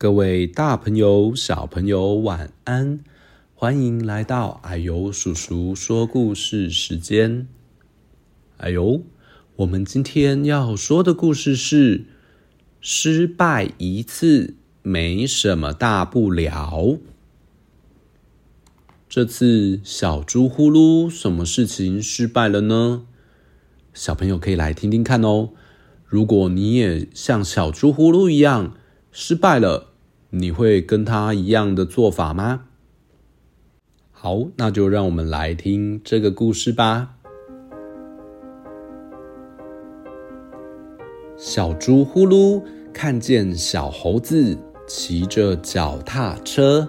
各位大朋友、小朋友，晚安！歡迎來到啊呦叔叔說故事時間。啊呦，我們今天要說的故事是：失敗一次沒什麼大不了。這次小豬呼嚕什麼事情失敗了呢？小朋友可以來聽聽看哦。如果你也像小豬呼嚕一樣失敗了，你會跟他一樣的做法嗎？好，那就讓我們來聽這個故事吧。小豬呼嚕看見小猴子騎着腳踏車，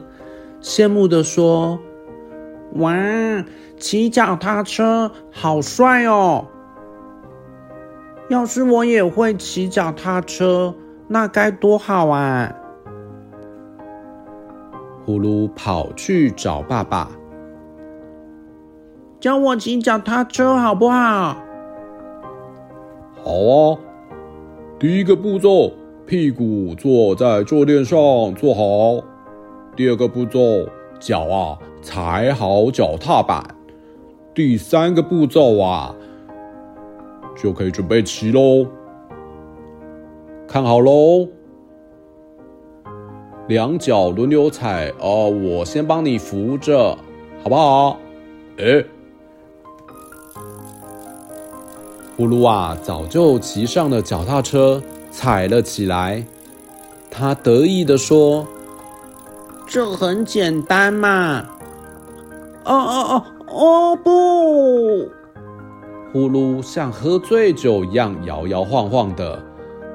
羨慕的說：“哇，騎腳踏車好帥哦！要是我也會騎腳踏車，那該多好啊！”呼嚕跑去找爸爸，教我騎腳踏車好不好？好啊！第一個步驟，屁股坐在坐墊上坐好；第二個步驟，腳啊踩好腳踏板；第三個步驟啊，就可以準備騎嘍，看好嘍。兩腳輪流踩哦，我先幫你扶着，好不好？誒。呼嚕啊，早就騎上了腳踏車，踩了起來。他得意地說：“這很簡單嘛。哦”哦哦哦哦不！呼嚕像喝醉酒一樣搖搖晃晃的，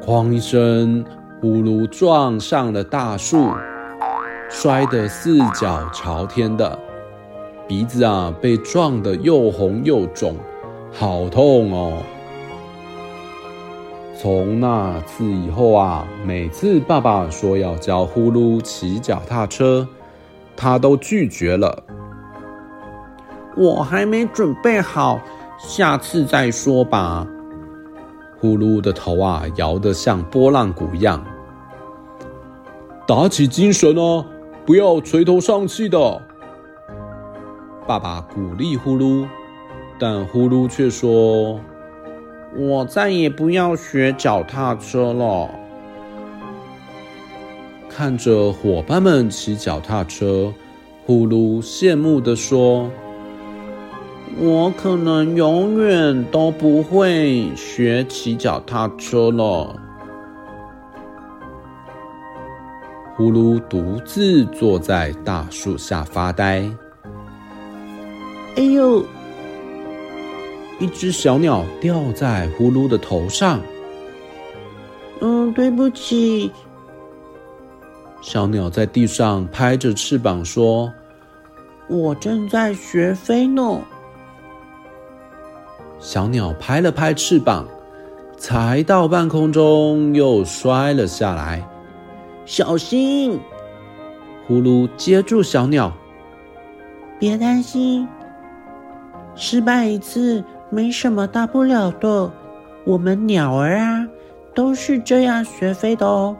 哐一聲。呼嚕撞上了大樹，摔得四腳朝天的，鼻子啊被撞得又紅又腫，好痛哦！從那次以後啊，每次爸爸說要教呼嚕騎腳踏車，他都拒絕了。我還沒準備好，下次再說吧。呼嚕的頭啊，搖得像撥浪鼓一樣。打起精神啊，不要垂頭喪氣的。爸爸鼓勵呼嚕，但呼嚕卻說：“我再也不要學腳踏車了。”看着夥伴們騎腳踏車，呼嚕羨慕地說，我可能永遠都不會學騎腳踏車了。呼嚕獨自坐在大樹下發呆。哎呦！一只小鳥掉在呼嚕的頭上。嗯，對不起。小鳥在地上拍着翅膀說：“我正在學飛呢。”小鳥拍了拍翅膀，才到半空中又摔了下來。小心！呼嚕接住小鳥，別擔心，失敗一次沒什麼大不了的。我們鳥兒啊，都是這樣學飛的哦。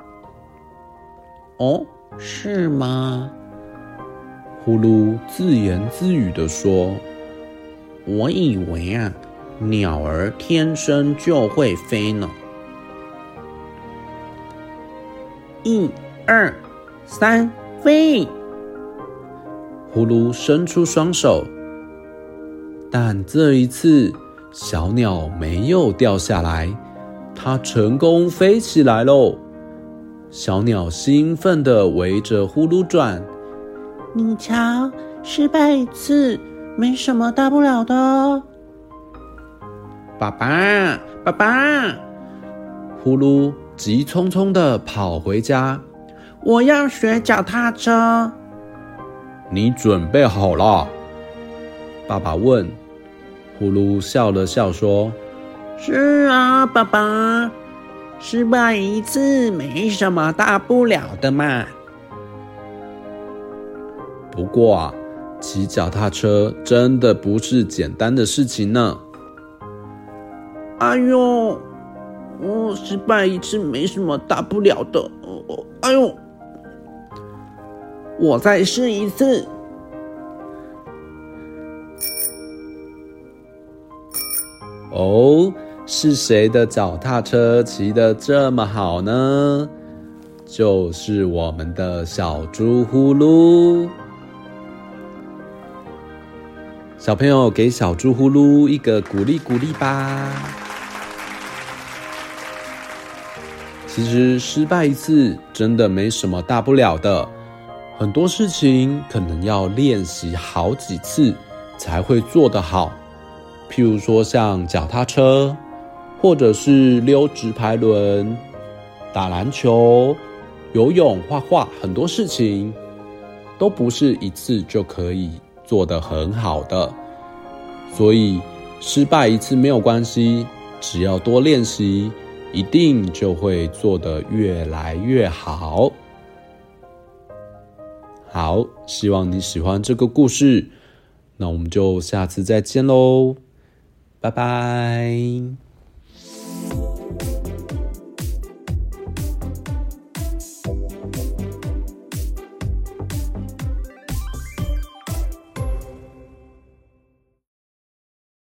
哦，是嗎？呼嚕自言自語地說：“我以為啊。”鳥兒天生就會飛呢。一、二、三，飛！呼嚕伸出雙手，但這一次小鳥沒有掉下來，它成功飛起來嘍！小鳥興奮地圍着呼嚕轉。你瞧，失敗一次沒什麼大不了的。爸爸，爸爸！呼嚕急匆匆的跑回家，我要學腳踏車。你準備好了？爸爸問。呼嚕笑了笑說：“是啊，爸爸。失敗一次沒什麼大不了的嘛。不過啊，騎腳踏車真的不是簡單的事情呢。”哎呦，嗯，失敗一次沒什麼大不了的。哦、呃、哦，哎呦，我再試一次。哦，是誰的腳踏車騎得這麼好呢？就是我們的小豬呼嚕。小朋友給小豬呼嚕一個鼓勵鼓勵吧。其實失敗一次真的沒什麼大不了的，很多事情可能要練習好幾次才會做得好，譬如說像腳踏車，或者是溜直排輪、打籃球、游泳、畫畫，很多事情都不是一次就可以做得很好的，所以失敗一次沒有關係，只要多練習一定就會做得越來越好，好。好，希望你喜歡這個故事，那我們就下次再見嘍，拜拜。